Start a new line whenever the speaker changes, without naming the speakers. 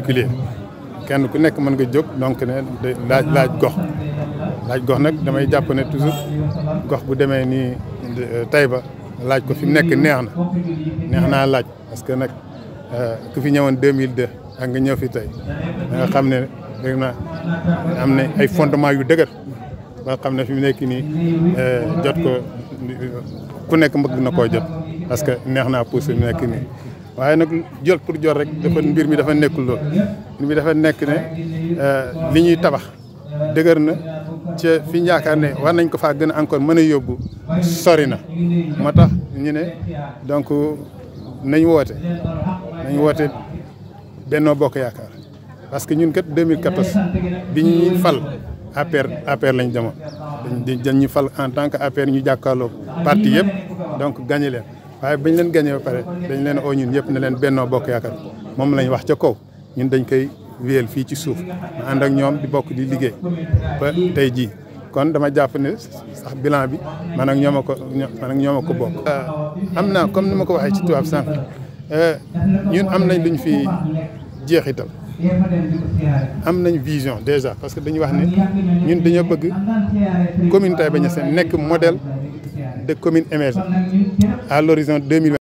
particulier kenn ku nekk mën nga jóg donc ne laaj laaj gox laaj gox nag damay jàpp ne toujours gox bu demee nii ba laaj ko fi mu nekk neex na neex naa laaj parce que nag euh, ku fi ñëwoon 2002 ak nga ñëw fi tey nga xam ne dégg na ay fondement yu dëgër ba xam ne fi mu nekk nii euh, jot ko ku nekk mbëgg na koo jot parce que neex naa pousse nekk nii waaye nag jël pour jot rek dafa mbir mi dafa nekkul lool mbir mi dafa nekk ne euh, li ñuy tabax dëgër na ca fiñ ñu ne war nañ ko faa gën a encore mën a yóbbu sori na moo tax ñu ne donc nañ woote nañ woote Benno Bokk Yaakaar parce que ñun kat 2014 bi ñuy fal APR APR lañ demoon dañ ñi fal en tant que APR ñu jàkkaarloo parti yëpp donc gagné leen waaye bañ leen gagné ba pare dañ leen oo ñun ñëpp na leen benn bokk yaakaar moom lañ wax ca kaw ñun dañ koy wéyal fii ci suuf mu ànd ak ñoom di bokk di liggéey ba tey jii kon dama jàpp ne sax bilan bi man ak ñoom a ko man ak ñoom a bokk. Ah, am naa comme ni ma ko waxee ci tubaab sànq eh, ñun am nañ lu ñu fi jeexital am nañ vision déjà parce que dañu wax ne ñun dañoo bëgg commune Taïba Niassène nekk modèle. de communes émergentes à l'horizon 2020.